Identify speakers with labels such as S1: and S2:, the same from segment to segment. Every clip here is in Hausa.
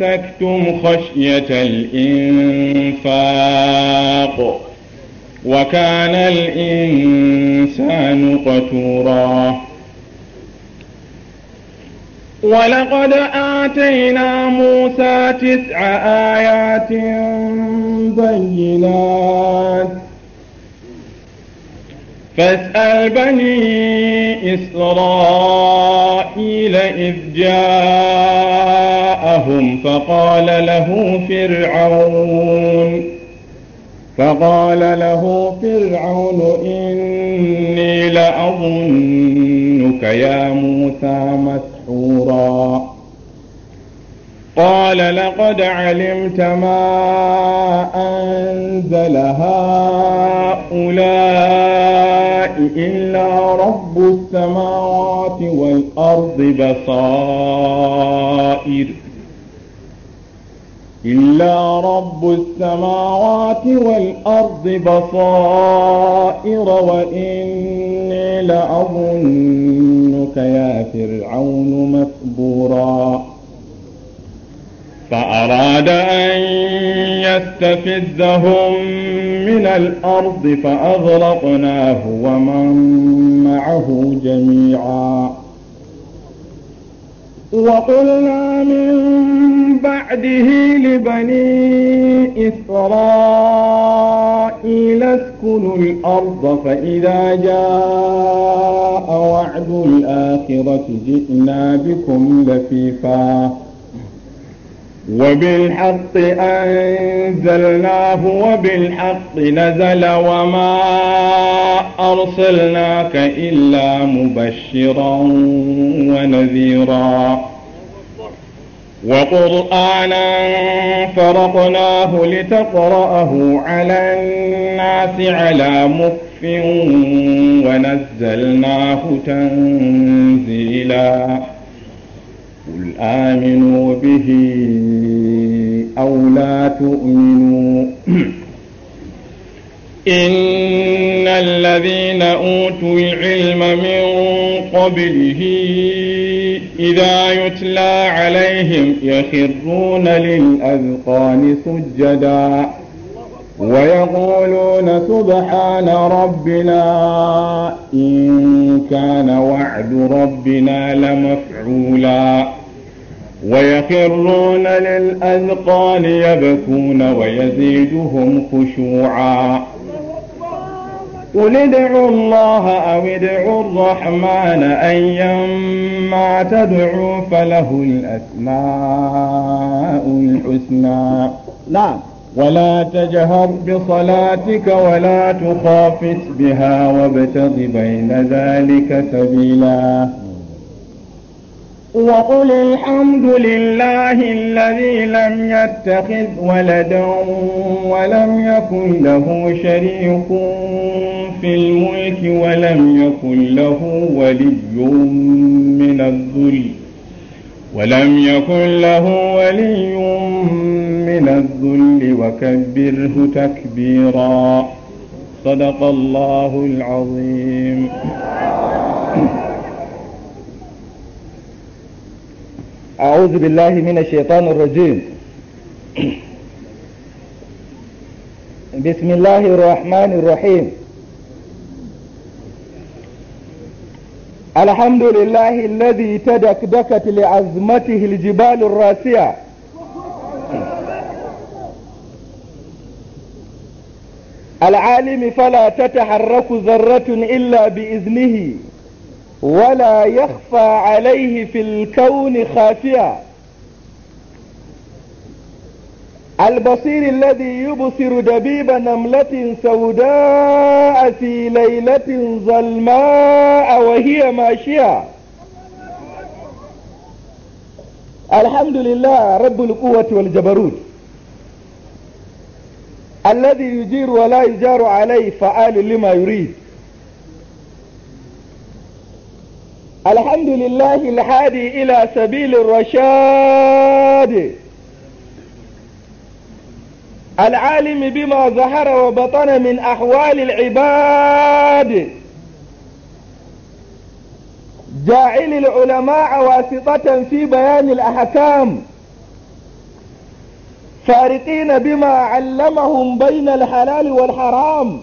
S1: تكتم خشية الإنفاق وكان الإنسان قتورا ولقد آتينا موسى تسع آيات بينات فاسأل بني إسرائيل إذ جاءوا أخاهم فقال له فرعون فقال له فرعون إني لأظنك يا موسى مسحورا قال لقد علمت ما أنزل هؤلاء إلا رب السماوات والأرض بصائر إلا رب السماوات والأرض بصائر وإني لأظنك يا فرعون مثبورا فأراد أن يستفزهم من الأرض فأغرقناه ومن معه جميعا وقلنا من بعده لبني إسرائيل اسكنوا الأرض فإذا جاء وعد الآخرة جئنا بكم لفيفاً وبالحق أنزلناه وبالحق نزل وما أرسلناك إلا مبشرا ونذيرا وقرآنا فرقناه لتقرأه على الناس على مكف ونزلناه تنزيلاً قل آمنوا به أو لا تؤمنوا إن الذين أوتوا العلم من قبله إذا يتلى عليهم يخرون للأذقان سجدا ويقولون سبحان ربنا إن كان وعد ربنا لمفعولا ويخرون للأذقان يبكون ويزيدهم خشوعا قل ادعوا الله أو ادعوا الرحمن أيما تدعوا فله الأسماء الحسنى نعم ولا تجهر بصلاتك ولا تخافت بها وابتغ بين ذلك سبيلا وقل الحمد لله الذي لم يتخذ ولدا ولم يكن له شريك في الملك ولم يكن له ولي من الذل ولم يكن له ولي من الذل وكبره تكبيرا صدق الله العظيم أعوذ بالله من
S2: الشيطان الرجيم بسم الله الرحمن الرحيم الحمد لله الذي تدكدكت لعزمته الجبال الراسية العالم فلا تتحرك ذرة إلا بإذنه ولا يخفى عليه في الكون خافيا البصير الذي يبصر دبيب نملة سوداء في ليلة ظلماء وهي ماشية الحمد لله رب القوة والجبروت الذي يجير ولا يجار عليه فعال لما يريد الحمد لله الحادي إلى سبيل الرشاد العالم بما ظهر وبطن من أحوال العباد جاعل العلماء واسطة في بيان الأحكام فارقين بما علمهم بين الحلال والحرام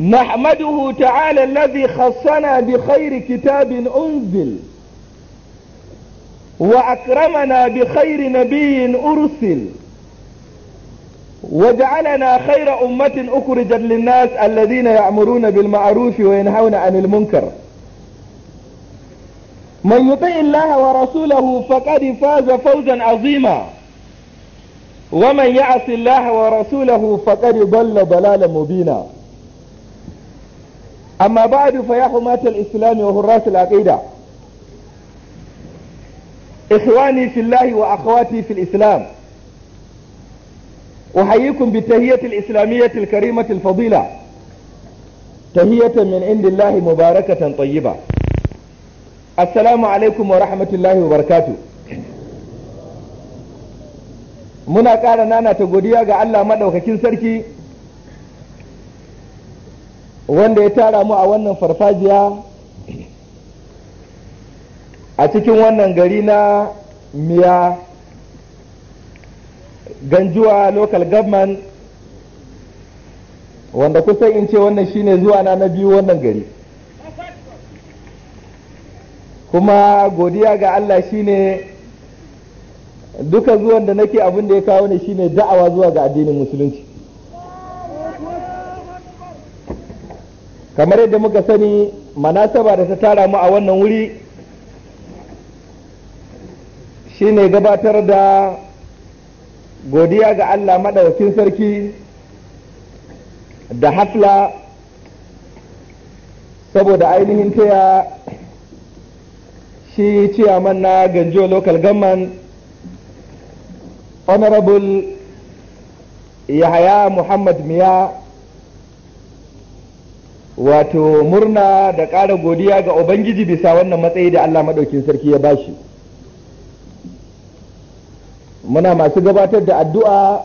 S2: نحمده تعالى الذي خصنا بخير كتاب أنزل وأكرمنا بخير نبي أرسل وجعلنا خير أمة أخرجت للناس الذين يأمرون بالمعروف وينهون عن المنكر من يطع الله ورسوله فقد فاز فوزا عظيما ومن يعص الله ورسوله فقد ضل ضلالا مبينا أما بعد فيا حماة الإسلام وحراس العقيدة إخواني في الله وأخواتي في الإسلام أحييكم بالتهية الإسلامية الكريمة الفضيلة تهية من عند الله مباركة طيبة السلام عليكم ورحمة الله وبركاته muna ƙara nana ta godiya ga Allah maɗaukakin sarki wanda ya tara mu a wannan farfajiya a cikin wannan gari na miya ganjuwa local government wanda kusan in ce wannan shine zuwa na na biyu wannan gari kuma godiya ga Allah shine duka zuwan da nake abin da ya kawo ne shine da'awa zuwa ga addinin musulunci kamar yadda muka sani manasaba da ta tara mu a wannan wuri shine gabatar da godiya ga Allah maɗaukin sarki da hafla saboda ainihin taya shi ciyaman na ganjo local government honorable yahaya muhammad miya wato murna da ƙara godiya ga ubangiji bisa wannan matsayi da Allah maɗaukin sarki ya ba shi, muna masu gabatar da addu'a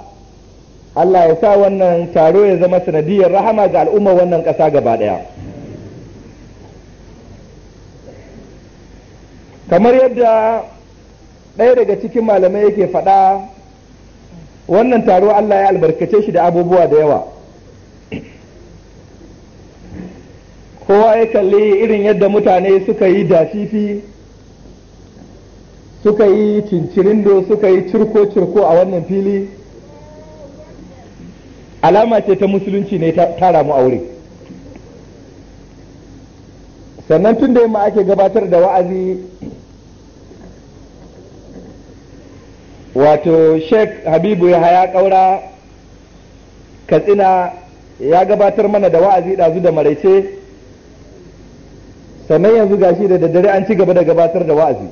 S2: Allah ya sa wannan taro ya zama sanadiyar rahama ga al'umma wannan ƙasa gaba ɗaya kamar yadda ɗaya daga cikin malamai yake faɗa wannan taro Allah ya albarkace shi da abubuwa da yawa kowa ya kalli irin yadda mutane suka yi dashishi suka yi cincirindo suka yi cirko-cirko a wannan fili alama ce ta musulunci ne tara mu aure sannan tun da yamma ake gabatar da wa'azi wato shek habibu ya haya kaura katsina ya gabatar mana da wa'azi ɗazu da maraice sannan yanzu gashi da daddare an ci gaba da gabatar da wa'azi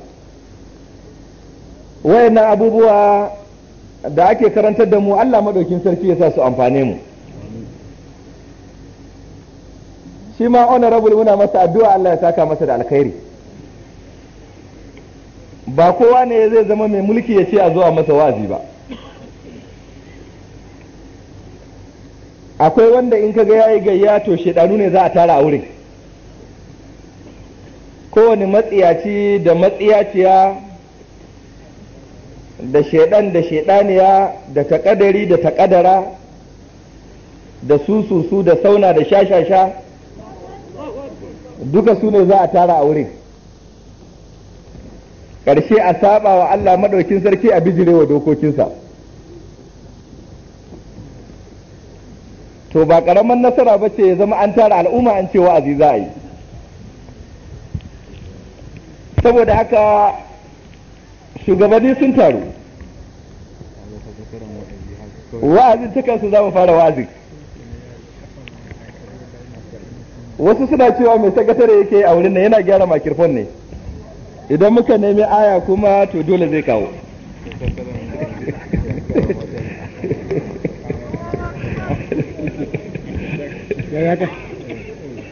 S2: wayannan abubuwa da ake karantar da mu Allah maɗaukin sarki ya sa su amfane mu shi ma honorable muna masa addu'a Allah ya saka masa da alkhairi ba kowa ne zai zama mai mulki ya ce a zuwa masa wa'azi ba akwai wanda in kaga yayi gayya to shedanu ne za a tara a wurin kowane matsiyaci da matsiyaciya da shaidan da shaidaniya da takadari da takadara da sususu da sauna da shashasha duka su ne za a tara a wurin ƙarshe a saba wa Allah maɗaukin sarki a bijire wa dokokinsa to ba ƙaramin nasara ba ce ya zama an tara al'umma an ce wa'azi za a yi saboda haka shugabanni sun taru wa'azin ta kansu za mu fara wa'azin wasu suna cewa mai sakatare yake a wurin nan yana gyara makirfon ne idan muka nemi aya kuma to dole zai kawo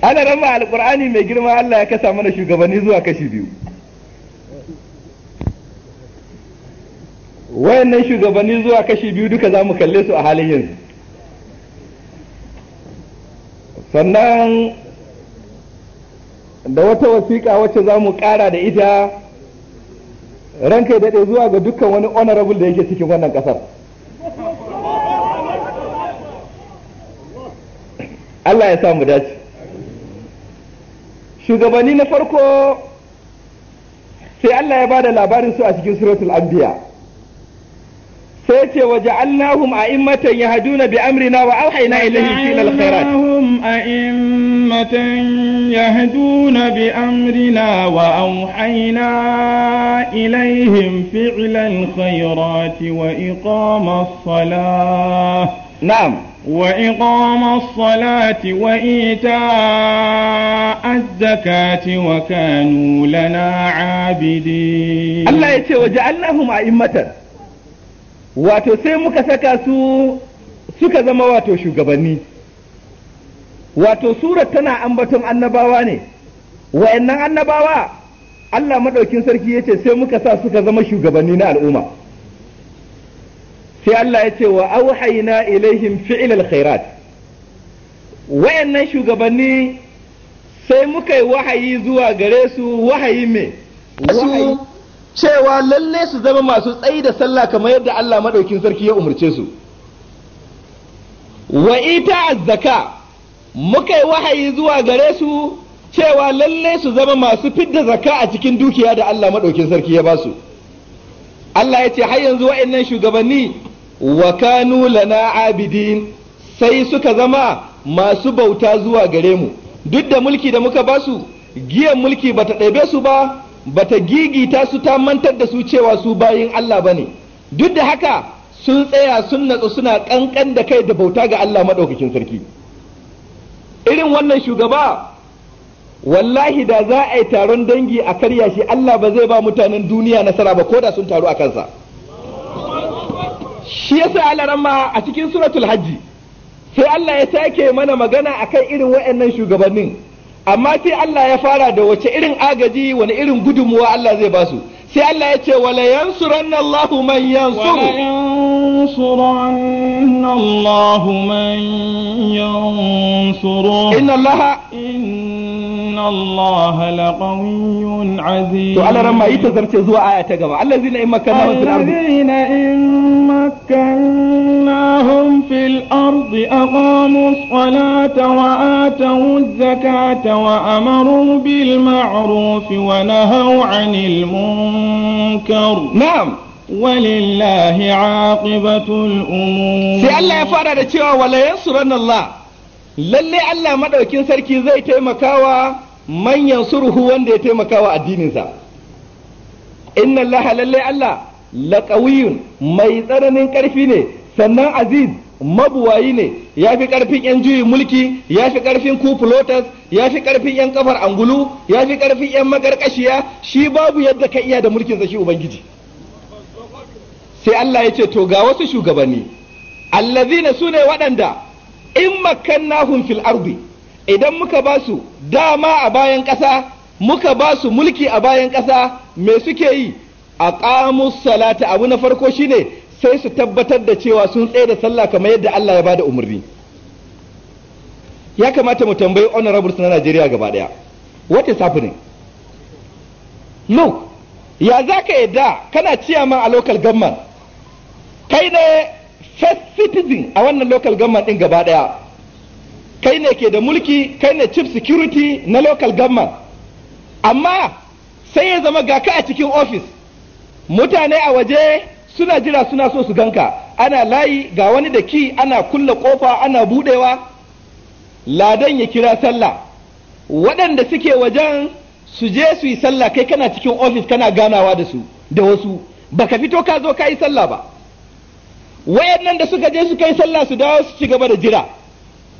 S2: ana rama alkur'ani mai girma Allah ya kasa mana shugabanni zuwa kashi biyu wayannan shugabanni zuwa kashi biyu duka za mu kalle su a halin yanzu sannan da wata wasiƙa wacce za mu ƙara da ita ranka daɗe zuwa ga dukkan wani honorable da yake cikin wannan ƙasar
S3: Allah ya samu dace
S2: shugabanni na farko sai Allah ya ba da labarin su a cikin suratul anbiya sai ce wa ja'alnahum a'immatan yahduna bi amrina wa
S1: auhayna ilayhim fi'lal khairat ja'alnahum a'immatan yahduna bi amrina wa auhayna ilayhim fi'lal khairat wa iqamas salah na'am وإقام الصلاة وإيتاء الزكاة وكانوا لنا عابدين الله يتي وجعلناهم
S2: أئمة wato sai muka saka su suka zama wato shugabanni wato surar tana ambaton annabawa ne wayannan annabawa Allah maɗaukin sarki ya ce sai muka sa suka zama shugabanni na al'umma sai Allah ya ce wa auhayna ilaihim fi'ilal alkhairat wayannan shugabanni sai muka yi wahayi zuwa gare su wahayi me wahayi cewa lalle su zama masu tsayi da sallah kamar yadda Allah maɗaukin sarki ya umarce su wa ita zaka muka yi wahayi zuwa gare su cewa lalle su zama masu fidda zaka a cikin dukiya da Allah maɗaukin sarki ya ba su Allah ya ce har yanzu wa'annan shugabanni wa kanu lana abidin sai suka zama masu bauta zuwa gare mu duk da mulki da muka ba su giyan mulki bata ɗaibe su ba bata gigita su ta mantar da su cewa su bayin Allah ba ne. duk da haka sun tsaya sun natsu suna kankan da kai da bauta ga Allah maɗaukakin sarki irin wannan shugaba wallahi da za a yi taron dangi a karya shi Allah ba zai ba mutanen duniya nasara ba ko da sun taru a kansa shi yasa alaramma a cikin suratul hajji sai Allah ya sake mana magana akan irin waɗannan shugabannin amma sai Allah ya fara da wace irin agaji wani irin gudunmuwa Allah zai ba su. sai Allah ya ce wala yansuranna
S1: Allahu man yansuru wala yansuranna Allahu man yansuru inna Allah inna Allah laqawiyyun aziz to Allah ran ma yi
S2: tazarce zuwa aya ta gaba allazina in makkannahum fil ardi
S1: allazina in makkannahum fil ardi aqamu salata wa atu zakata wa amaru bil ma'ruf wa nahaw 'anil munkar المنكر نعم ولله عاقبة الأمور سي الله يفعل
S2: هذا cewa ولا ينصرن الله lalle Allah madaukin sarki zai taimakawa manyan surhu wanda ya taimakawa addininsa inna Allah lalle Allah laqawiyun mai tsananin karfi ne sannan aziz mabuwayi ne ya fi ƙarfin yan juyin mulki ya fi karfin kufulotas ya fi ƙarfin yan ƙafar angulu ya fi ƙarfin yan magarƙashiya, shi babu yadda ka iya da mulkin zashi ubangiji sai Allah ya ce to ga wasu shugabanni allazina ne waɗanda in makkannahum fil ardi idan muka ba su dama a bayan ƙasa muka ba su mulki a bayan ƙasa me suke yi a salata abu na farko shine sai su tabbatar da cewa sun tsaye da sallah kamar yadda Allah ya bada umarni ya kamata mu tambayi honorable na Najeriya gaba daya what is happening look ya za ka yadda kana ciyaman a local government kai ne first citizen a wannan local government din gaba daya kai ne ke da mulki kai ne chief security na local government amma sai ya zama ga ka a cikin office mutane a waje suna jira suna so su ganka ana layi ga wani da ki ana kulle kofa ana budewa ladan ya kira sallah waɗanda suke wajen su je su yi sallah kai kana cikin ofis kana ganawa da su da wasu baka fito ka zo ka yi sallah ba wayannan da suka je su kai sallah su dawo su ci gaba da jira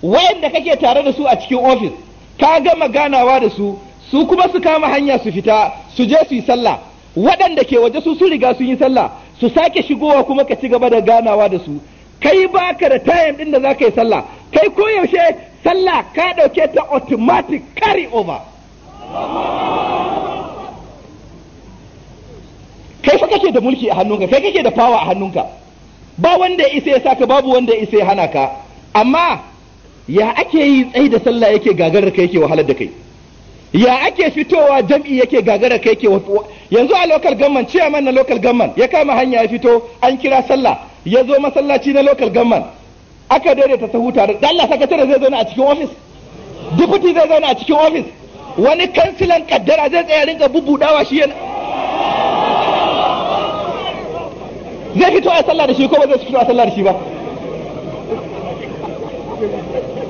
S2: wayanda kake tare da su a cikin ofis ka gama ganawa da su su kuma su kama hanya su fita su je su yi sallah waɗanda ke waje su sun riga sun yi sallah su sake shigowa kuma ka ci gaba da ganawa da su kai baka da tayin ɗin da za ka yi sallah kai koyaushe sallah ka ɗauke ta automatic carry over kai fa kake da mulki a hannunka kai kake da fawa a hannunka ba wanda ya isa ya saka babu wanda ya isa ya hana ka amma ya ake yi tsayi da sallah yake gagarar kai yake wahalar da kai ya ake fitowa jam'i yake gagara kai ke yanzu a local gamman ciyaman na local government ya kama hanya ya fito an kira sallah ya zo masallaci na local government aka daidaita sahu tare da Allah sakatare zai zauna a cikin ofis deputy zai zauna a cikin ofis wani kansilan kaddara zai tsaya rinka bubudawa shi yana zai fito a sallah da shi ko ba zai fito a sallah da shi ba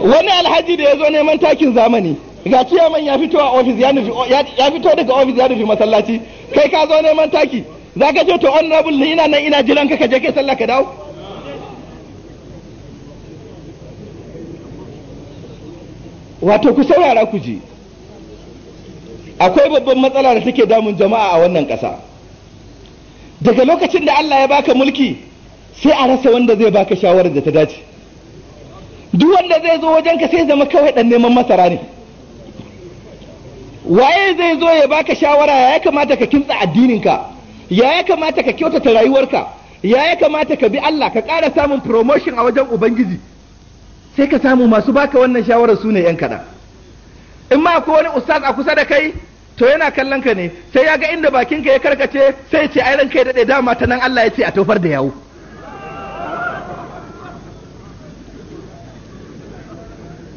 S2: wani alhaji da ya zo neman takin zamani ga man ya fito a ofis ya fito daga ofis ya nufi masallaci kai ka zo neman taki za ka je to honorable ne ina nan ina jiran ka je kai sallah ka dawo wato ku saurara ku ji akwai babban matsala da take damun jama'a a wannan ƙasa daga lokacin da Allah ya baka mulki sai a rasa wanda zai baka shawarar da ta dace duk wanda zai zo wajenka sai zama kawai dan neman masara ne waye zai zo ya baka shawara ya kamata ka kintsa addininka ya ya kamata ka kyautata rayuwarka ya ya kamata ka bi Allah ka ƙara samun promotion a wajen ubangiji sai ka samu masu baka wannan shawarar su ne yan kaɗan in ma akwai wani ustaz a kusa da kai to yana kallon ka ne sai ya ga inda bakinka ya karkace sai ce ai ranka ya daɗe dama ta nan Allah ya ce a tofar da yawo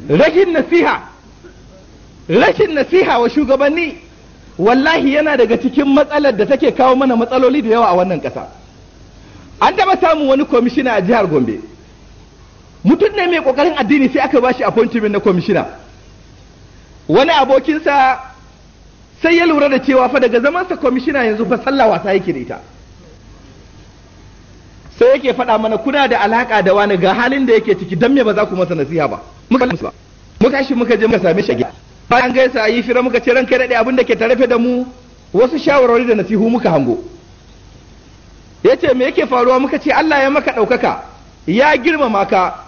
S2: rashin nasiha rashin nasiha wa shugabanni wallahi yana daga cikin matsalar da take kawo mana matsaloli da yawa a wannan ƙasa an taɓa samu wani kwamishina a jihar gombe mutum ne mai ƙoƙarin addini sai aka bashi appointment na kwamishina wani abokinsa sai ya lura da cewa fa daga zamansa kwamishina yanzu fa sallah wasa yake da ita sai yake faɗa mana kuna da alaƙa da wani ga halin da yake ciki don me ba za ku masa nasiha ba muka shi muka je muka same shi bayan gaisa yi fira muka ce kai daɗe abin da ke tarafe da mu wasu shawarwari da nasihu muka hango ya ce me yake faruwa muka ce Allah ya maka ɗaukaka ya girmama ka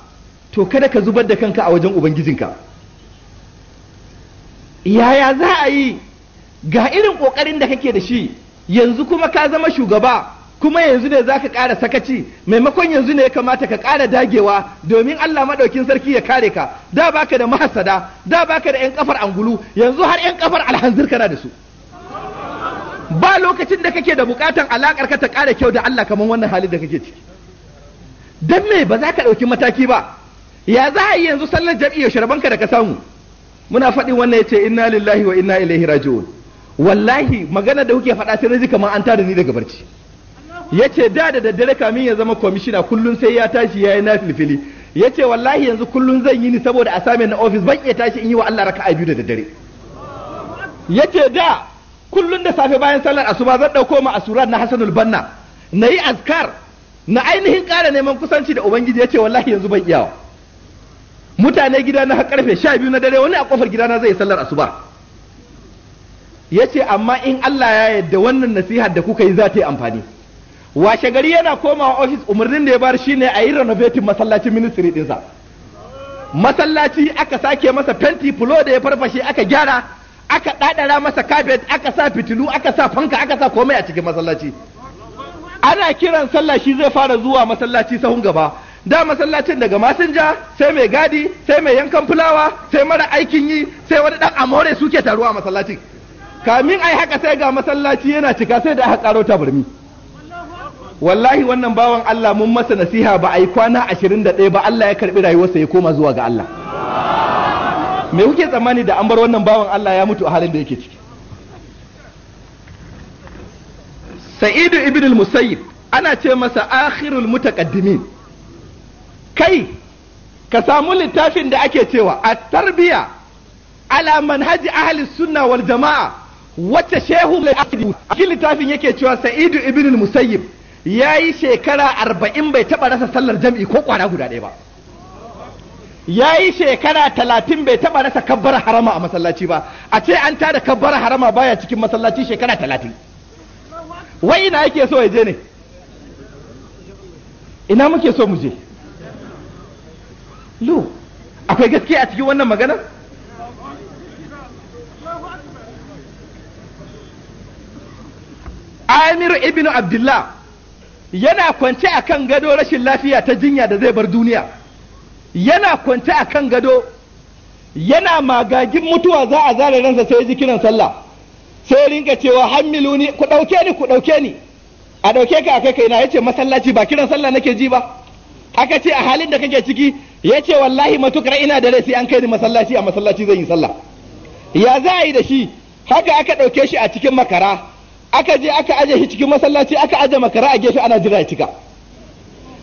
S2: to kada ka zubar da kanka a wajen ubangijinka yaya za a yi ga irin ƙoƙarin da kake da shi yanzu kuma ka zama shugaba kuma yanzu ne za ka ƙara sakaci maimakon yanzu ne ya kamata ka ƙara dagewa domin Allah maɗaukin sarki ya kare ka da baka da mahasada da baka da 'yan kafar angulu yanzu har 'yan kafar alhanzir kana da su ba lokacin da kake da bukatan alakar ka ta ƙara kyau da Allah kamar wannan halin da kake ciki dan me ba za ka ɗauki mataki ba ya za a yi yanzu sallar jam'i ya da ka samu muna faɗin wannan yace inna lillahi wa inna ilaihi raji'un wallahi magana da kuke faɗa sai na ji kamar an tada ni daga barci yace da da daddare kamin ya zama kwamishina kullum sai ya tashi ya yi yayi ya yace wallahi yanzu kullum zan yi ni saboda a assignment na ofis ban iya tashi in yi wa Allah raka a biyu da daddare yace da kullum da safe bayan sallar asuba zan ɗauko ma asura na Hasanul Banna yi askar na ainihin ƙara neman kusanci da ubangiji yace wallahi yanzu ban iyawa mutane gida na karfe sha biyu na dare wani a kofar gidana zai sallar asuba yace amma in Allah ya yarda wannan nasihar da kuka yi za ta yi amfani washe gari yana komawa ofis umarnin da ya bar ne a yi renovating masallacin ministry ɗinsa masallaci aka sake masa fenti fulo da ya farfashe aka gyara aka ɗaɗara masa kafet aka sa fitilu aka sa fanka aka sa komai a cikin masallaci ana kiran sallah shi zai fara zuwa masallaci sahun gaba da masallacin daga masinja sai mai gadi sai mai yankan fulawa sai mara aikin yi sai wani dan amore suke taruwa masallacin kamin a yi haka sai ga masallaci yana cika sai da aka karo tabarmi wallahi wannan bawan Allah mun masa nasiha ba a yi kwana 21 ba Allah ya karbi rayuwarsa ya koma zuwa ga Allah me kuke tsammani da an bar wannan bawan Allah ya mutu a halin da yake ciki Sa'idu ibn al-Musayyib ana ce masa akhirul mutaqaddimin kai ka samu littafin da ake cewa at-tarbiya ala manhaji ahli sunna wal jama'a wacce shehu mai akidi a littafin yake cewa Sa'idu ibn al-Musayyib ya yi shekara arba'in bai taɓa rasa sallar jam'i ko kwana guda ɗaya ba ya yi shekara talatin bai taɓa rasa kabbar harama a masallaci ba a ce an tada kabbar harama baya cikin masallaci shekara talatin wai ina yake so ya je ne ina muke so mu je lo akwai gaskiya a cikin wannan magana amir ibn abdullah yana kwance a kan gado rashin lafiya ta jinya da zai bar duniya yana kwance a kan gado yana magagin mutuwa za a zare ransa sai ji kiran sallah sai rinka cewa "Hamilu ni ku ɗauke ni ku ɗauke ni a ɗauke ka a kai kaina yace masallaci ba kiran sallah nake ji ba aka ce a halin da kake ciki yace wallahi matukar ina da rai sai an kai ni masallaci a masallaci zai yi sallah ya za a yi da shi haka aka ɗauke shi a cikin makara aka je aka aje shi cikin masallaci aka aje makara a gefe ana jira ya cika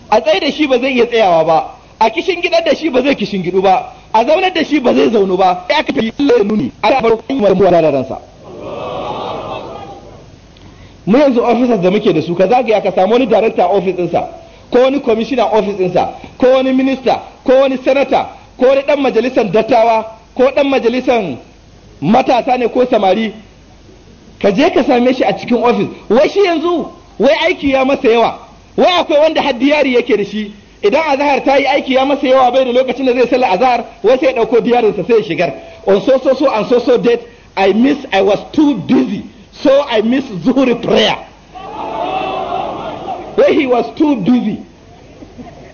S2: a tsaye da shi ba zai iya tsayawa ba a kishin gidan da shi ba zai kishin gidu ba a zaunar da shi ba zai zaunu ba sai aka fi Allah ya nuni aka bar kuma mu da ransa mu yanzu officers da muke da su ka zagaya ka samu wani director office ɗinsa ko wani commissioner office ɗinsa ko wani minister ko wani senator ko wani dan majalisar dattawa ko dan majalisar matasa ne ko samari ka je ka same shi a cikin ofis wai shi yanzu wai aiki ya masa yawa wai akwai wanda haddiyari yake da shi idan azahar ta yi aiki ya masa yawa bai da lokacin da zai sallar azahar wai sai ya dauko diyarinsa sai ya shigar on so so so and so so date i miss i was too busy so i miss zuhri prayer wai he was too busy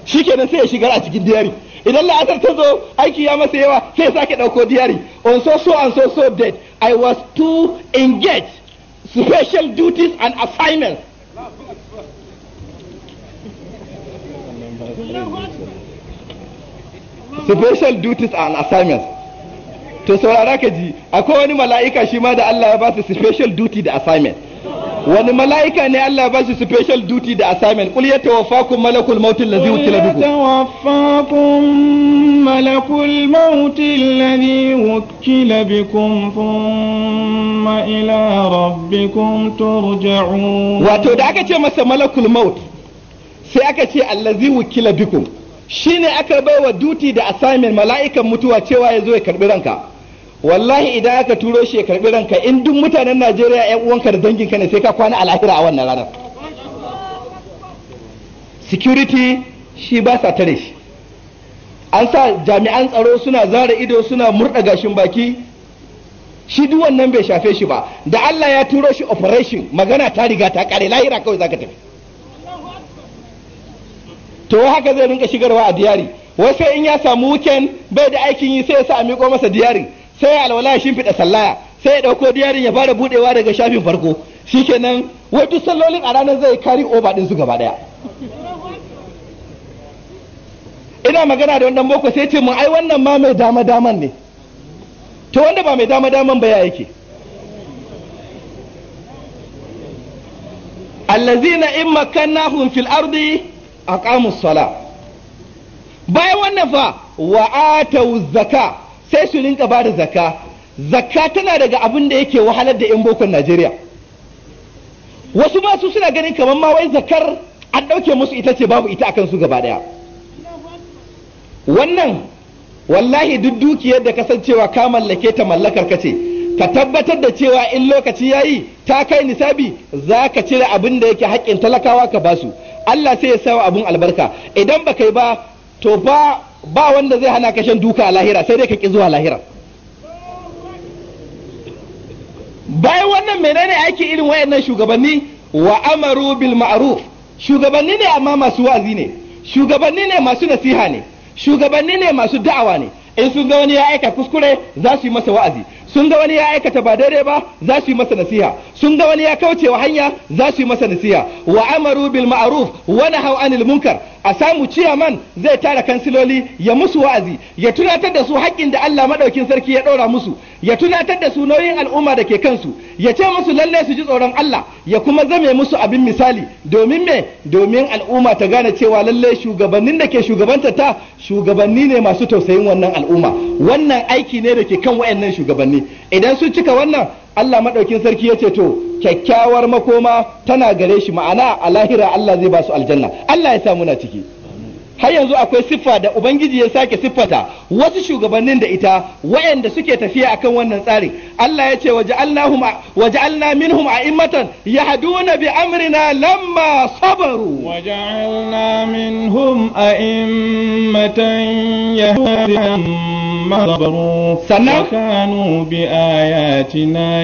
S2: shikenan sai ya shigar a cikin diyari idan la'atar ta zo aiki ya masa yawa sai sake ɗauko diary on so so and so so dead I was too engaged special duties and assignments special duties and assignments to saurara ka ji akwai wani mala'ika shi ma da Allah ya ba su special duty da assignment wani mala'ika ne Allah ba shi special duty da assignment kul ya tawaffakum malakul mautin lazi wukila bikum kul ya
S1: tawaffakum malakul mautin lazi wukila bikum thumma ila rabbikum turja'un wato
S2: da aka ce masa malakul maut sai aka ce allazi wukila bikum shine aka bai wa duty da assignment mala'ikan mutuwa cewa ya zo ya karbi ranka wallahi idan aka turo shi ya karbi ranka in duk mutanen Najeriya ƴan uwanka da danginka ne sai ka kwana a lahira a wannan ranar security shi ba sa tare shi an sa jami'an tsaro suna zara ido suna murɗa gashin baki shi duk wannan bai shafe shi ba da Allah ya turo shi operation magana ta riga ta kare lahira kawai za ka tafi to haka zai rinka shigarwa a diyari wasu in ya samu weekend bai da aikin yi sai ya sa a miƙo masa diyari sai ya alwala ya shimfiɗa sallaya sai ya ɗauko diyarin ya fara buɗewa daga shafin farko shi shikenan wai duk sallolin a ranar zai kari oba ɗin su gaba ɗaya ina magana da wannan boko sai ce mu ai wannan ma mai dama daman ne to wanda ba mai dama daman ba ya yake allazina in makannahum fil ardi aqamus sala bayan wannan fa wa atau sai su rinka ba da zakka zakka tana daga abin da yake wahalar da 'yan bokon najeriya wasu masu suna ganin kamar ma wai zakar an ɗauke musu ita ce babu ita akan su gaba ɗaya wannan wallahi duk dukiyar da kasancewa ka mallake ta mallakar ka ce ka tabbatar da cewa in lokaci ya yi ta kai nisabi za ka cire abin da yake haƙƙin talakawa ka basu Allah sai ya sawa abin albarka idan ba kai ba to ba ba wanda zai hana ka shan duka a lahira sai dai ka ki zuwa lahira bayan wannan menene aiki irin wayannan shugabanni wa amaru bil ma'ruf shugabanni ne amma masu wa'azi ne shugabanni ne masu nasiha ne shugabanni ne masu da'awa ne in sun ga wani ya aika kuskure za su yi masa wa'azi sun ga wani ya aikata ba daidai ba za su yi masa nasiha sun ga wani ya kauce wa hanya za su yi masa nasiha wa amaru bil ma'ruf wa nahaw anil munkar a samu ciyaman zai tara kansiloli ya musu wa'azi ya tunatar da su haƙƙin da Allah madaukin sarki ya ɗora musu ya tunatar da su nauyin al'umma da ke kansu ya ce musu lalle su ji tsoron Allah ya kuma zame musu abin misali domin me domin al'umma ta gane cewa lalle shugabannin da ke shugabanta ta shugabanni ne masu tausayin wannan al'umma wannan aiki ne da ke kan wayannan shugabanni idan sun cika wannan Allah maɗaukin sarki ya ce to kyakkyawar makoma tana gare shi ma'ana a lahira Allah zai ba su aljanna Allah ya samu na ciki har yanzu akwai siffa da ubangiji ya sake siffata wasu shugabannin da ita wayanda suke tafiya akan wannan tsari Allah ya ce waja'alnahum waja'alna minhum a'immatan yahduna bi amrina lamma sabaru
S1: waja'alna minhum a'immatan yahduna sabaru sannan kanu bi ayatina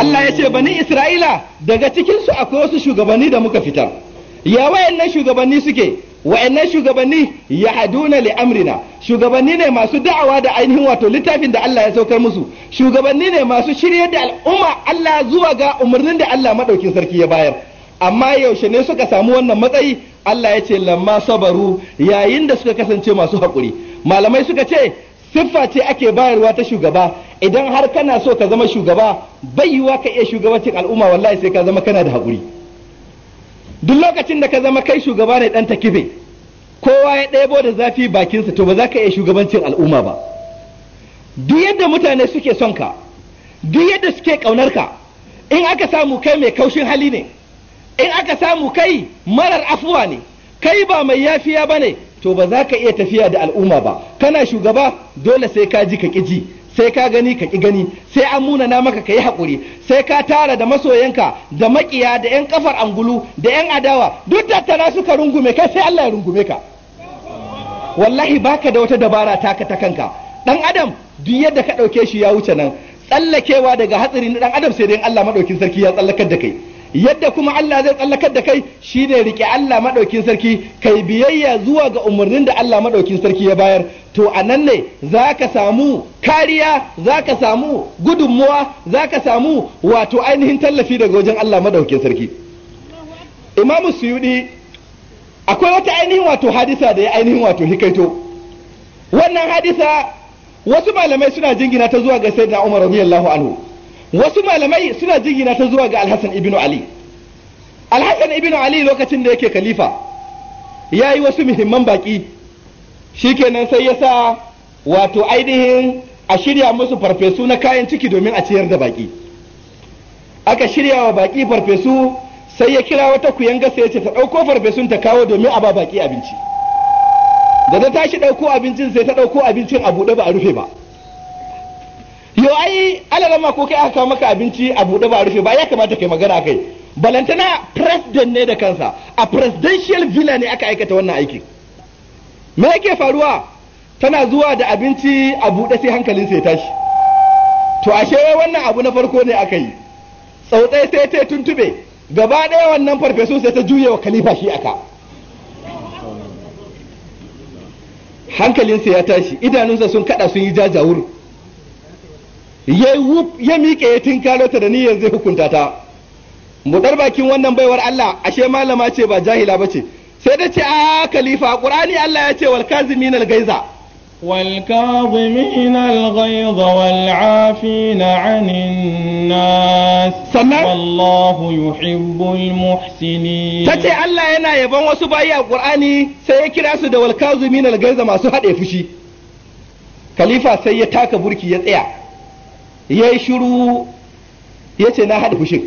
S2: Allah ya ce bani Isra'ila daga cikin su akwai wasu shugabanni da muka fitar ya wayannan shugabanni suke wa'annan shugabanni ya haduna li amrina shugabanni ne masu da'awa da ainihin wato littafin da Allah ya saukar musu shugabanni ne masu shirye da al'umma Allah zuwa ga umarnin da Allah madaukin sarki ya bayar amma yaushe ne suka samu wannan matsayi Allah ya ce lamma sabaru yayin da suka kasance masu haƙuri malamai suka ce siffa ce ake bayarwa ta shugaba idan har kana so ka zama shugaba bai ka iya shugabancin al'umma wallahi sai ka zama kana da haƙuri duk lokacin da ka zama kai shugaba ne dan takibe kowa ya ɗebo da zafi bakinsa to ba za ka iya shugabancin al'umma ba duk yadda mutane suke son ka duk yadda suke ƙaunar ka in aka samu kai mai kaushin hali ne in aka samu kai marar afuwa ne kai ba mai yafiya ba ne to ba za ka iya tafiya da al'umma ba kana shugaba dole sai ka ji ka ji. sai ka gani ka ki gani sai an munana maka ka yi haƙuri sai ka tara da masoyanka da maƙiya da ƴan kafar angulu da ƴan adawa duk tattara suka rungume kai sai Allah ya rungume ka wallahi baka da wata dabara taka ta kanka dan adam duk yadda ka ɗauke shi ya wuce nan tsallakewa daga hatsari na dan adam sai dai Allah madaukin sarki ya tsallakar da kai yadda kuma Allah zai tsallakar da kai shi ne rike Allah maɗaukin sarki kai biyayya zuwa ga umarnin da Allah maɗaukin sarki ya bayar to a nan ne za ka samu kariya za ka samu gudunmuwa za ka samu wato ainihin tallafi daga wajen Allah maɗaukin sarki imamu suyudi akwai wata ainihin wato hadisa da ya ainihin wato hikaito wannan hadisa wasu malamai suna jingina ta zuwa ga sayyidina umar radiyallahu anhu wasu malamai suna jingina ta zuwa ga alhassan ibn ali alhassan ibn ali lokacin da yake khalifa ya yi wasu muhimman baki kenan sai ya sa wato ainihin a shirya musu farfesu na kayan ciki domin a ciyar da baki aka shirya wa baki farfesu sai ya kira wata gasa ya ce ta ɗauko farfesun ta kawo domin a ba baki abinci da ta tashi ɗauko abincin sai ta ɗauko abincin a buɗe ba a rufe ba yo ai ma ko kai aka kawo maka abinci a buɗe ba rufe ba ya kamata kai magana kai balantana president ne da kansa a presidential villa ne aka aikata wannan aikin me yake faruwa tana zuwa da abinci a buɗe sai hankalin sai tashi to ashe wannan abu na farko ne aka yi tsautsai sai ta tuntube gaba ɗaya wannan farfesu sai ta juye wa kalifa shi aka hankalinsa ya tashi idanunsa sun kada sun yi jajawur ya ya miƙe ya tinkaro ta da niyyar zai hukunta ta mu dar bakin wannan baiwar Allah ashe malama ce ba jahila bace sai da ce a ah, khalifa qur'ani Allah ya ce wal kazimin al gaiza
S1: wal kazimin al gaiza wal afin anin nas sannan wallahu yuhibbul muhsinin tace Allah
S2: yana yaban wasu bayi a qur'ani sai ya kira su da wal kazimin al gaiza masu hade fushi khalifa sai ya taka burki ya tsaya ya yi shiru ya ce na haɗa fushin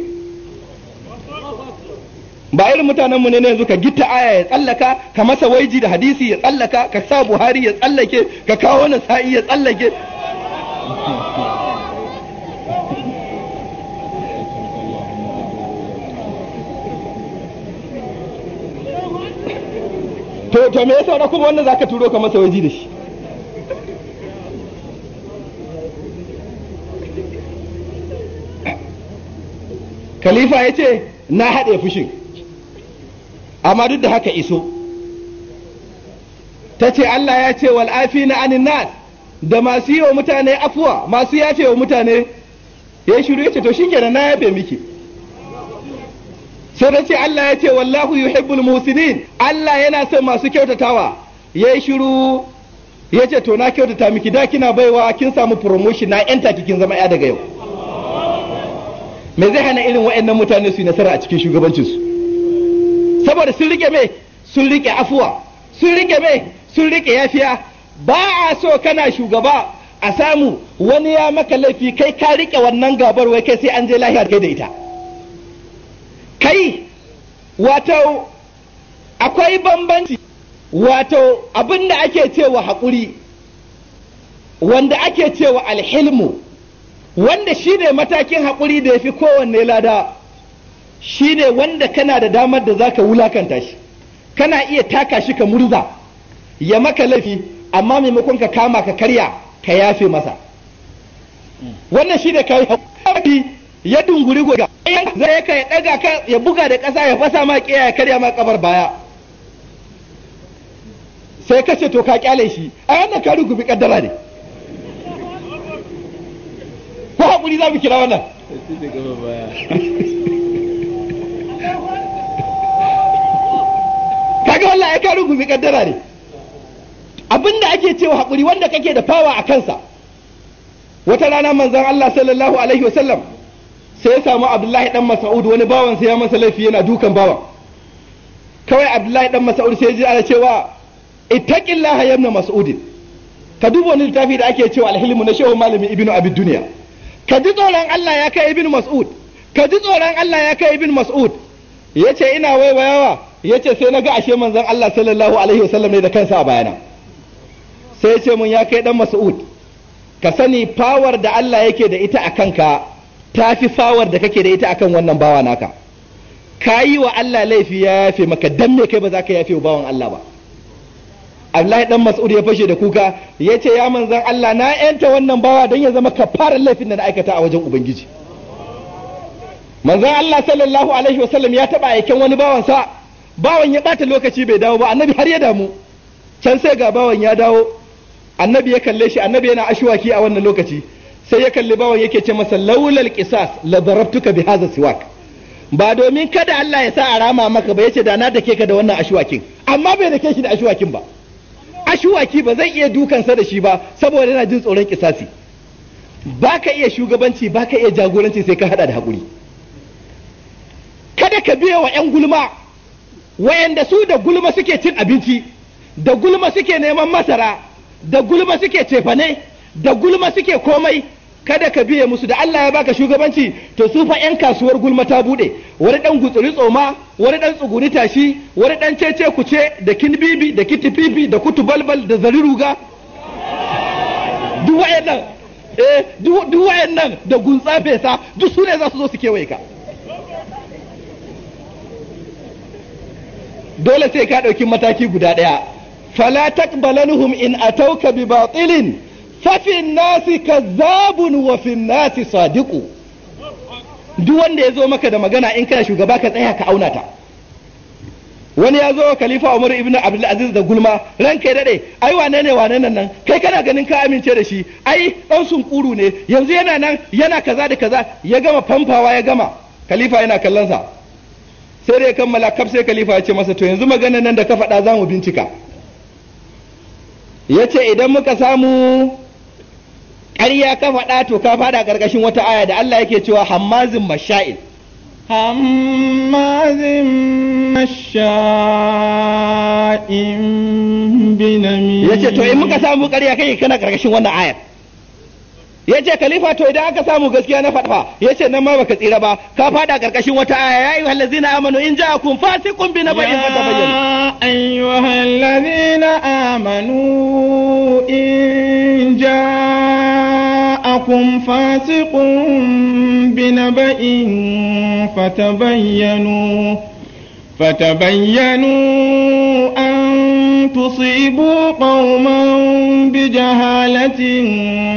S2: ba irin mutanenmu ne yanzu ka gita aya ya tsallaka ka masa waiji da hadisi ya tsallaka ka sa buhari ya tsallake ka kawo na sa'i ya tsallake to to me yasa kuma wanda zaka turo ka masa waiji da shi khalifa ya ce na haɗe fushin amma duk da haka iso ta ce Allah ya ce wal'afi na anin nas da masu yi wa mutane afuwa masu yafe wa mutane ya shiru ya ce to shikenan na yafe miki sai ta ce Allah ya ce wallahu yuhibbul musinin Allah yana son masu kyautatawa ya shiru ya ce to na kyautata miki da kina baiwa kin samu promotion na yanta kikin zama ya daga yau me zai hana irin wa'annan mutane su yi nasara a cikin shugabancinsu saboda sun rike me sun rike afuwa sun rike me sun rike yafiya ba a so kana shugaba a samu wani ya maka laifi kai ka rike wannan gabar wai kai sai an je lahiyar kai da ita kai wato akwai bambanci wato abin da ake cewa hakuri wanda ake cewa alhilmu wanda shi ne matakin haƙuri da ya fi kowanne lada shi ne wanda kana da damar da za ka wulakanta shi kana iya taka shi ka murza ya maka laifi amma maimakon ka kama ka karya ka yafe masa wannan shi ne kai haƙuri ya dunguri goga zai ka ya ɗaga, ka ya buga da ƙasa ya fasa ma ƙiya ya karya ma ƙabar baya sai ka ce to ka ƙyale shi a yadda ka rugubi ƙaddara ne ko hakuri za mu kira wannan kaga wannan ya karu gumi kaddara ne abinda ake cewa hakuri wanda kake da fawa a kansa wata rana manzon Allah sallallahu alaihi wasallam sai ya samu Abdullahi dan Mas'ud wani bawan sai ya masa laifi yana dukan bawan kawai Abdullahi dan Mas'ud sai ya ji ana cewa ittaqillaha yamna Mas'ud ka duba wani littafi da ake cewa alhilmu na shehu malami ibnu abid duniya ka ji tsoron Allah ya kai ibn mas'ud ka ji tsoron Allah ya kai ibn mas'ud yace ina waiwayawa yace sai naga ashe manzon Allah sallallahu alaihi wasallam ne da kansa a bayana sai yace mun ya kai dan mas'ud ka sani fawar da Allah yake da ita a kanka ta fi fawar da kake da ita akan wannan bawa naka ka yi wa Allah laifi ya yafe maka dan me kai ba za ka yafe wa bawan Allah ba Abdullahi dan Mas'ud ya fashe da kuka ya ce ya manzan Allah na yanta wannan bawa don ya zama kafarar laifin da na aikata a wajen ubangiji manzan Allah sallallahu alaihi wasallam ya taɓa aiken wani bawan sa bawan ya bata lokaci bai dawo ba annabi har ya damu can sai ga bawan ya dawo annabi ya kalle shi annabi yana ashwaki a wannan lokaci sai ya kalli bawan yake ce masa laulal kisas la bi haza siwak ba domin kada Allah ya sa a rama maka ba yace da na dake ka da wannan ashwakin amma bai dake shi da ashwakin ba ashuwaki ba zai iya dukansa da shi ba saboda yana jin tsoron kisasi ba ka iya shugabanci ba ka iya jagoranci sai ka hada da hakuri. kada ka biya wa 'yan gulma wayanda su da gulma suke cin abinci da gulma suke neman masara da gulma suke cefane da gulma suke komai kada ka biye musu da Allah ya baka shugabanci to su fa yan kasuwar gulma ta bude wani dan gutsuri tsoma wani dan tsuguri tashi wani dan cece kuce da kinbibi da kitififi da kutu balbal da zariruga duk wayannan eh duk wayannan da guntsa fesa duk su ne za su zo su kewaye ka dole sai ka dauki mataki guda daya fala taqbalanhum in atauka bi batilin fafin nasi kazzabun wa fin nasi duk wanda ya zo maka da magana in kana shugaba ka tsaya ka auna ta wani ya zo kalifa umar ibn abdulaziz da gulma ranka ya dade ai wane ne wane nan nan kai kana ganin ka amince da shi ai dan sunkuru ne yanzu yana nan yana kaza da kaza ya gama famfawa ya gama kalifa yana kallon sa sai da ya kammala kaf sai khalifa ya ce masa to yanzu maganar nan da ka faɗa za mu bincika ya ce idan muka samu ƙarya ka faɗa to ka faɗa ƙarƙashin wata aya da Allah yake cewa
S1: hammazin masha'il hammazin masha'in binami yace to in muka samu ƙarya kai
S2: kana ƙarƙashin wannan ayar yace khalifa to idan aka samu gaskiya na faɗa yace nan ma baka tsira ba ka faɗa ƙarƙashin wata aya ya ayyuhal ladzina amanu in ja'akum fasiqun bi nabain fatabayyanu ya
S1: ayyuhal ladzina amanu in ja'akum جاءكم فاسق بنبأ فتبينوا فتبينوا أن تصيبوا قوما بجهالة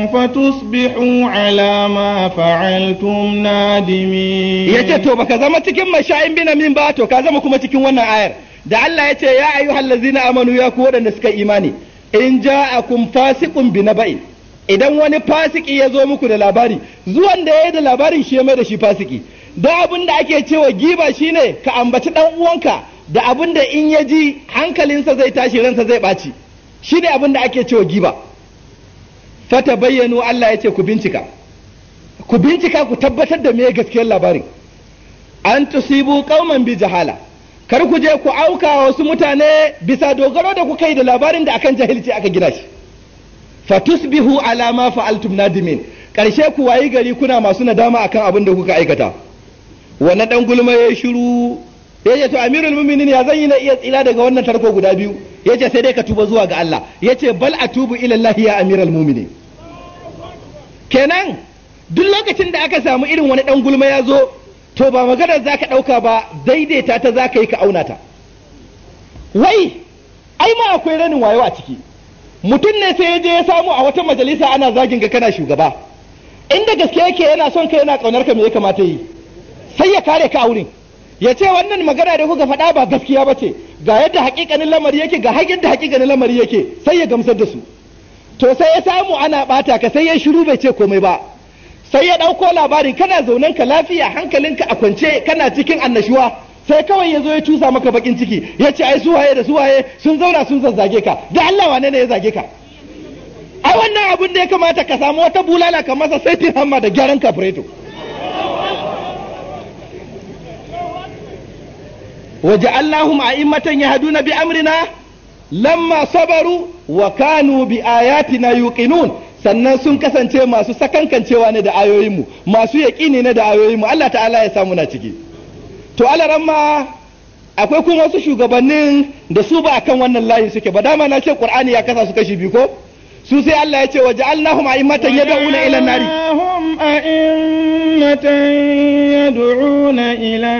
S1: فتصبحوا على ما فعلتم
S2: نادمين yace to baka zama cikin mashayin bina min ba to ka zama kuma cikin wannan ayar da Allah ya ce ya ayyuhallazina amanu ya ku wadanda suka imani in ja'akum fasiqun binaba'in idan wani fasiki ya zo muku da labari zuwan da ya yi da labarin shi ya mai da shi fasiki don abin da ake cewa giba shi ne ka ambaci ɗan uwanka da abin da in ya ji hankalinsa zai tashi ransa zai ɓaci shi ne abin da ake cewa giba fata bayyano Allah ya ce ku bincika ku bincika ku tabbatar da me gaskiyar labarin an tusibu kauman bi jahala kar ku je ku auka wasu mutane bisa dogaro da kuka yi da labarin da akan jahilci aka gina shi fatusbihu ala ma fa'altum nadimin ƙarshe ku wayi gari kuna masu nadama akan abin da kuka aikata wannan dan gulma ya shiru yace to amirul mu'minin ya zan yi na iya tsila daga wannan tarko guda biyu yace sai dai ka tuba zuwa ga Allah yace bal atubu ila Allah ya amirul mu'minin kenan duk lokacin da aka samu irin wani dan gulma ya zo to ba maganar zaka dauka ba daidaita ta zaka yi ka auna ta wai ai ma akwai ranin wayo a ciki mutum ne sai ya je ya samu a wata majalisa ana zagin ga kana shugaba inda gaske yake yana son ka yana kaunar ka me ya kamata yi sai ya kare ka a wurin ya ce wannan magana da kuka faɗa ba gaskiya ba ce ga yadda hakikanin lamari yake ga yadda hakikanin lamari yake sai ya gamsar da su to sai ya samu ana bata ka sai ya shiru bai ce komai ba sai ya ɗauko labarin kana zaunen ka lafiya hankalinka a kwance kana cikin annashuwa sai kawai ya zo ya cusa maka bakin ciki ya ce ai suwaye da suwaye sun zauna sun zazzage ka da Allah wane ne ya zage ka A wannan abun da ya kamata ka samu wata bulala ka masa sai hamma da gyaran kafireto waje Allahum a immatan ya haduna bi amrina lamma sabaru wa kanu bi ayatina yuqinun sannan sun kasance masu sakankancewa ne da ayoyinmu masu yaƙini ne da ayoyinmu Allah ta'ala ya samu na ciki to alaran ma akwai kuma wasu shugabannin da su ba akan wannan layin suke ba dama na ce qur'ani ya kasa su kashi biyu ko su sai
S1: Allah ya ce wa ja'alnahum a'immatan yad'una ila an-nari hum a'immatan yad'una ila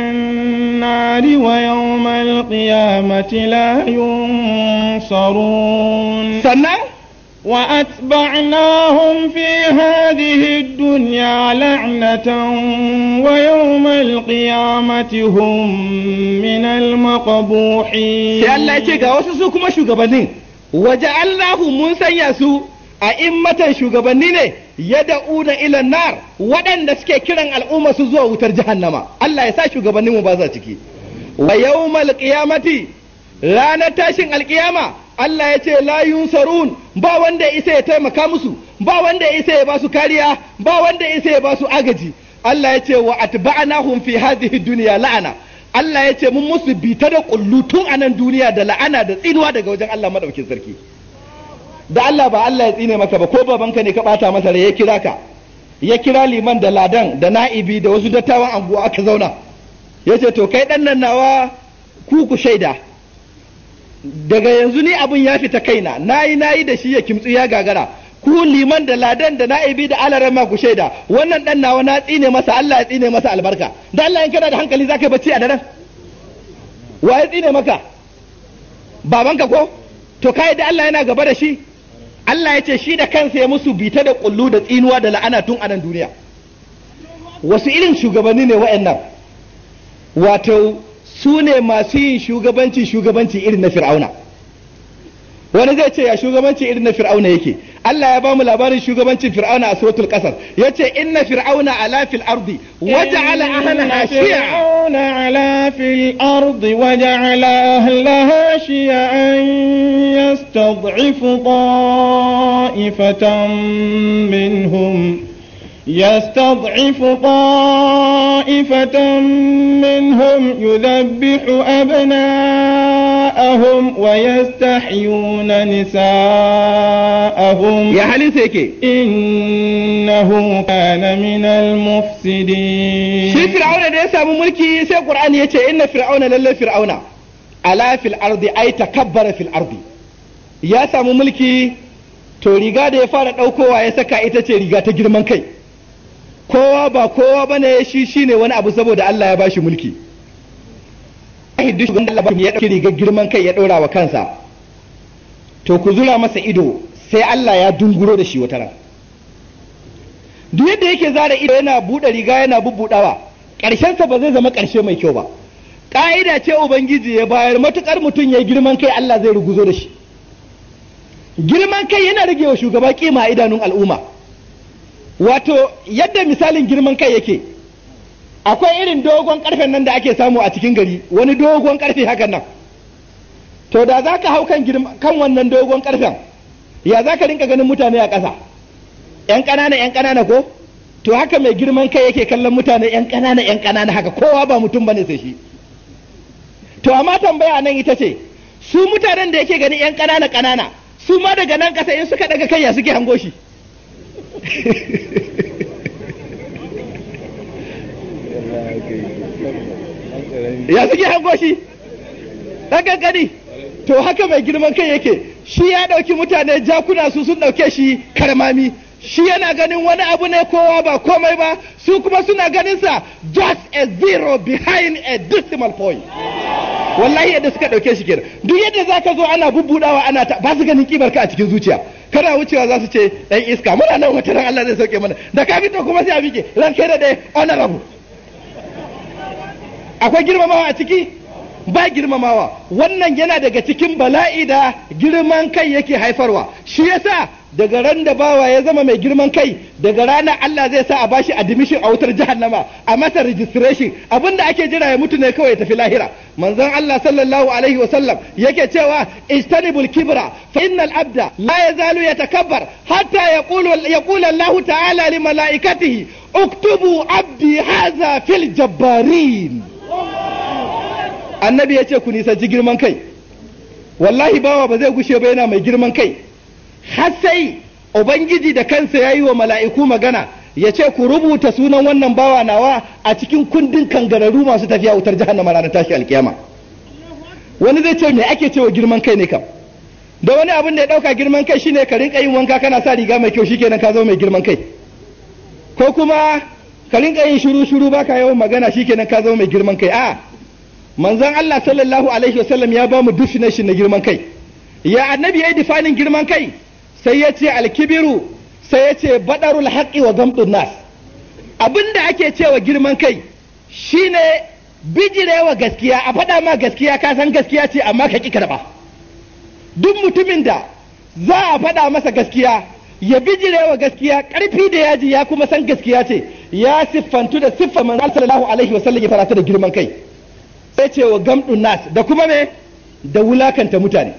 S1: nari wa yawmal qiyamati la yunsarun sannan وأتبعناهم في هذه الدنيا الدنيا لعنة ويوم القيامة هم من المقبوحين sai Allah ya ce wasu su kuma shugabannin waje Allahu mun sanya su
S2: a immatan shugabanni ne yada una ila nar waɗanda suke kiran al'umma su zuwa wutar jahannama Allah ya sa shugabanninmu ba sa ciki wa yawmal qiyamati ranar tashin alkiyama Allah ya ce la yunsarun ba wanda isa ya taimaka musu ba wanda isa ya ba su kariya ba wanda isa ya ba su agaji Allah ya ce wa atba'nahum fi hadhihi dunya la'ana Allah ya ce mun musu bita da kullutun a nan duniya da la'ana da tsinuwa daga wajen Allah madaukakin sarki da Allah ba Allah ya tsine masa ba ko babanka ne ka bata masa rai ya kira ka ya kira liman da ladan da na'ibi da wasu dattawan anguwa aka zauna ya ce to kai dan nawa ku ku shaida daga yanzu ni abin ya fita kaina na yi da shi ya kimtsu ya gagara ku liman da ladan da na'ibi da ma ku shaida wannan dan nawa na tsine masa Allah ya tsine masa albarka da Allah in kana da hankali zaka yi bacci a daren wa ya tsine maka babanka ko to kai da Allah yana gaba da shi Allah ya ce shi da kansa ya musu bita da kullu da tsinuwa da la'ana tun a nan duniya wasu irin shugabanni ne wa'annan wato sune masu yin shugabanci shugabanci irin na fir'auna wani zai ce ya shugabanci irin na fir'auna yake Allah ya bamu labarin shugabancin fir'auna a suratul qasas yace inna fir'auna ala fil ardi waja'ala ahlaha shi'a
S1: fir'auna ala fil ardi waja'ala ahlaha shi'an yastad'ifu ta'ifatan minhum يستضعف طائفة منهم يذبح أبناءهم ويستحيون نساءهم يا حليسيكي إنه كان من المفسدين
S2: شي فرعون ده يسامو ملكي سي قرآن يتي إن فرعون لله فرعون ألا في الأرض أي تكبر في الأرض يا سامو ملكي to riga da ya fara ɗaukowa ya saka ita ce kowa ba kowa ba ne shi ne wani abu saboda Allah ya ba shi mulki duk wanda Allah ya dauki rigar girman kai ya ɗora wa kansa to ku zura masa ido sai Allah ya dunguro da shi wata ran duk yadda yake zara ido yana buɗe riga yana bubbudawa ƙarshensa ba zai zama ƙarshe mai kyau ba ƙa'ida ce ubangiji ya bayar matuƙar mutum ya girman kai Allah zai ruguzo da shi girman kai yana rage wa shugaba kima a idanun al'umma wato yadda misalin girman kai yake akwai irin dogon karfen nan da ake samu a cikin gari wani dogon karfe hakan nan to da za ka hau kan wannan dogon karfen ya za ka rinka ganin mutane a ƙasa ‘yan ƙanana ‘yan ƙanana ko to haka mai girman kai yake kallon mutane ‘yan ƙanana ‘yan ƙanana haka kowa ba mutum bane sai shi to amma tambaya nan ita ce su mutanen da yake ganin ‘yan ƙanana ƙanana su ma daga nan ƙasa in suka daga kai ya suke hango shi
S3: ya suke hango shi
S2: ɗan ƙanƙani to haka mai girman kai yake shi ya ɗauki mutane jakuna su sun ɗauke shi karmami shi yana ganin wani abu ne kowa ba komai ba su kuma suna ganin sa just a zero behind a decimal point wallahi yadda suka ɗauke shi kenan duk yadda zaka zo ana bubbudawa ana ta ba su ganin kibar ka a cikin zuciya kada wucewa za su ce dan iska muna nan wata ran Allah zai sauke mana da ka fito kuma sai a miƙe ran kai da dai rabu akwai girmamawa a ciki ba girmamawa wannan yana daga cikin bala'i da girman kai yake haifarwa shi yasa daga ran da bawa ya zama mai girman kai daga ranar Allah zai sa a bashi admission a wutar jahannama a masa registration abinda ake jira ya mutu ne kawai ya tafi lahira manzon Allah sallallahu alaihi wa sallam yake cewa istanibul kibra fa innal abda la yazalu yatakabbar hatta yaqulu yaqulu Allah ta'ala li malaikatihi uktubu abdi hadha fil jabbarin annabi yace ku nisanci girman kai wallahi bawa ba zai gushe ba yana mai girman kai har sai ubangiji da kansa ya yi wa mala'iku magana ya ce ku rubuta sunan wannan bawa nawa a cikin kundin kangararru masu tafiya wutar jahannama ranar tashi alkiyama wani zai ce me ake cewa girman kai ne kam da wani abin da ya dauka girman kai shine ka rinka yin wanka kana sa riga mai kyau shikenan ka zama mai girman kai ko kuma ka rinka yin shuru shuru baka yawan magana shikenan ka zama mai girman kai a manzon Allah sallallahu alaihi wasallam ya ba mu definition na girman kai ya annabi yayi defining girman kai sai ya ce alkibiru sai ya ce baɗarul haƙi wa gamɗun nas da ake cewa girman kai shine bijirewa gaskiya a faɗa ma gaskiya ka san gaskiya ce amma ka ƙi karba duk mutumin da za a faɗa masa gaskiya ya bijirewa gaskiya ƙarfi da yaji ya kuma san gaskiya ce ya siffantu da siffa manzal sallallahu alaihi wa sallam ya farata da girman kai sai ce wa gamɗun nas da kuma me da wulakanta mutane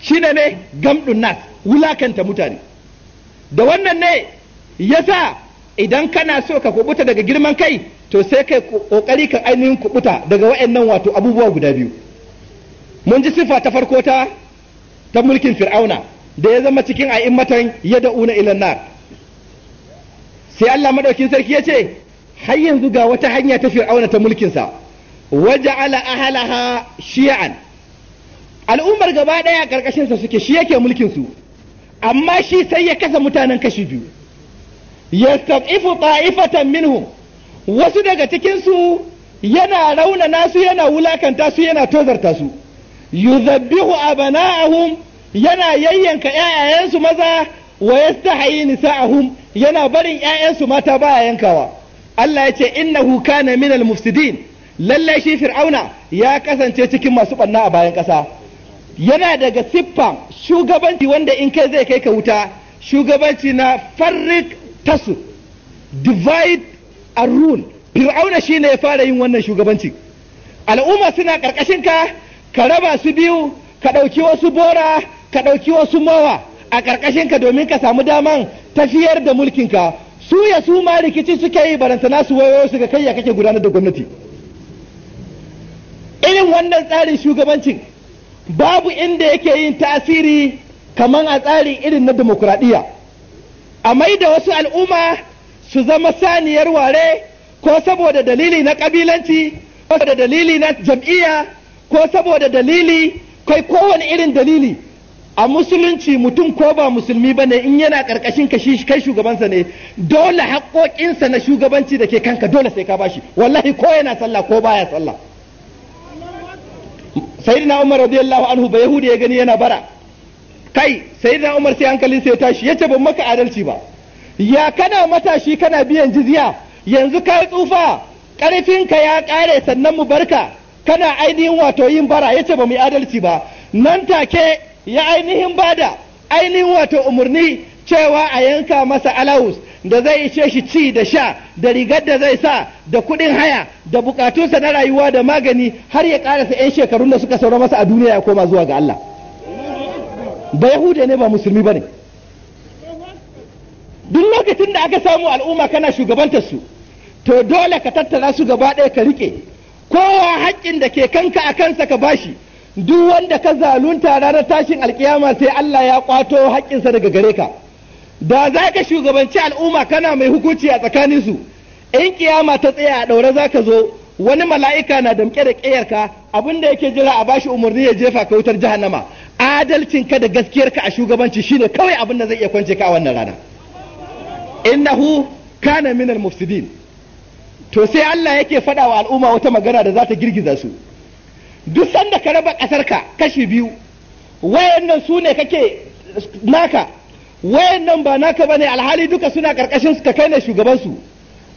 S2: shine ne gamɗun nas wulakanta mutane da wannan ne sa idan kana so ka kubuta daga girman kai to sai kai kokari ka ainihin kubuta daga nan wato abubuwa guda biyu mun ji sifa ta farko ta ta mulkin fir'auna da ya zama cikin a'immatan yad'una ilan nar sai Allah madaukin sarki ya ce har yanzu ga wata hanya ta fir'auna ta mulkin sa waja'ala shi'an al'ummar gaba ɗaya karkashin sa suke shi yake mulkin su amma shi sai ya kasa mutanen kashi biyu Ya yastaqifu ta'ifatan minhum wasu daga cikin su yana rauna nasu yana wulakanta su yana tozarta su yuzabbihu abana'ahum yana yayyanka ƴaƴayensu maza wa yastahi nisa'ahum yana barin ƴaƴansu mata baya yankawa Allah ya ce innahu kana minal mufsidin lalle shi fir'auna ya kasance cikin masu banna a bayan ƙasa yana daga siffan shugabanci wanda in kai zai kai ka wuta shugabanci na farrik tasu divide and rule fir'auna shi ne ya fara yin wannan shugabanci al'umma suna karkashin ka ka raba su biyu ka ɗauki wasu bora ka ɗauki wasu mawa a ƙarƙashinka domin ka samu daman tafiyar da mulkin ka su ya su ma rikici suke yi barantana su wayo su ga kai ya kake gudanar da gwamnati irin wannan tsarin shugabancin babu inda yake yin tasiri kamar a tsarin irin na demokuraɗiyya a mai da wasu al'umma su zama saniyar ware ko saboda dalili na ƙabilanci ko saboda dalili na jam'iyya ko saboda dalili kai kowane irin dalili a musulunci mutum ko ba musulmi ba ne in yana ƙarƙashin ka kai shugabansa ne dole haƙoƙinsa na shugabanci da ke kanka dole sai ka bashi wallahi ko yana sallah ko baya sallah sayyidina umar radiyallahu anhu ba yahudi ya gani yana bara kai sayyidina umar sai hankalin sai ya tashi yace ban maka adalci ba ya kana matashi kana biyan jizya yanzu kai tsufa karfinka ya kare sannan mu barka kana ainihin wato yin bara yace ba mu yi adalci ba nan take ya ainihin bada ainihin wato umarni cewa a yanka masa alawus da zai ishe shi ci da sha da rigar da zai sa da kuɗin haya da bukatunsa na rayuwa da magani har ya ƙarasa 'yan shekarun da suka saura masa a duniya ya koma zuwa ga Allah ba yahude ne ba musulmi ba ne duk lokacin da aka samu al'umma kana shugabantar su to dole ka tattara su gaba ɗaya ka rike kowa haƙƙin da ke kanka a kansa ka bashi duk wanda ka zalunta ranar tashin alƙiyama sai Allah ya ƙwato haƙƙinsa daga gare ka da za ka shugabanci al'umma kana mai hukunci a tsakaninsu in kiyama ta tsaya a ɗaure za ka zo wani mala'ika na damƙe da ƙiyarka abin da yake jira a bashi umarni ya jefa ka wutar jahannama ka da gaskiyarka a shugabanci shine kawai abin da zai iya kwance ka a wannan rana innahu kana minan mufsidin to sai Allah yake faɗa wa al'umma wata magana da za ta girgiza su duk sanda ka raba ƙasarka kashi biyu wayannan su ne kake naka wayan nan ba naka ba ne alhali duka suna karkashin ka kai ne shugaban su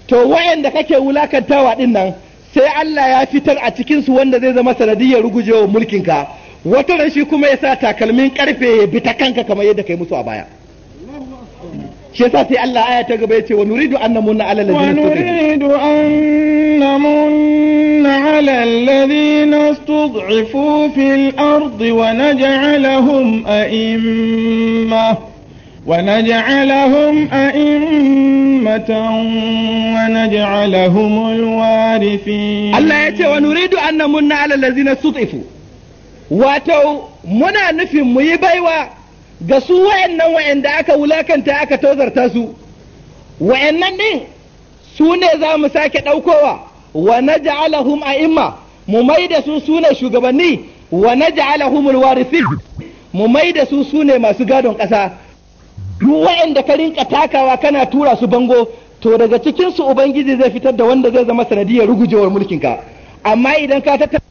S2: to da kake wulakantawa ɗin nan sai Allah ya fitar a cikin su wanda zai zama sanadiyar rugujewa mulkin ka wata ran kuma ya sa takalmin karfe ya bi ta kanka kamar yadda kai musu a baya shi yasa sai Allah aya ta gaba yace wa nuridu an namunna ala alladhina wa
S1: nuridu an namunna ala alladhina istud'ifu fil ardi wa naj'alahum a'imma ونجعلهم أئمة ونجعلهم الوارثين الله يتي ونريد أن نمن على الذين استضعفوا
S2: واتو منا نفي ميبايوا قصوا وإن وإن دعك ولكن تأك توزر تسو وإن نين سوني ذا مساكت أو كوا ونجعلهم أئمة مميدة سوني شغبني ونجعلهم الوارثين مميدة سوني ما سقادون قصا duk da ka rinka takawa kana tura su bango to daga cikinsu ubangiji zai fitar da wanda zai zama sanadiyar rugujewar mulkinka amma idan ka tattara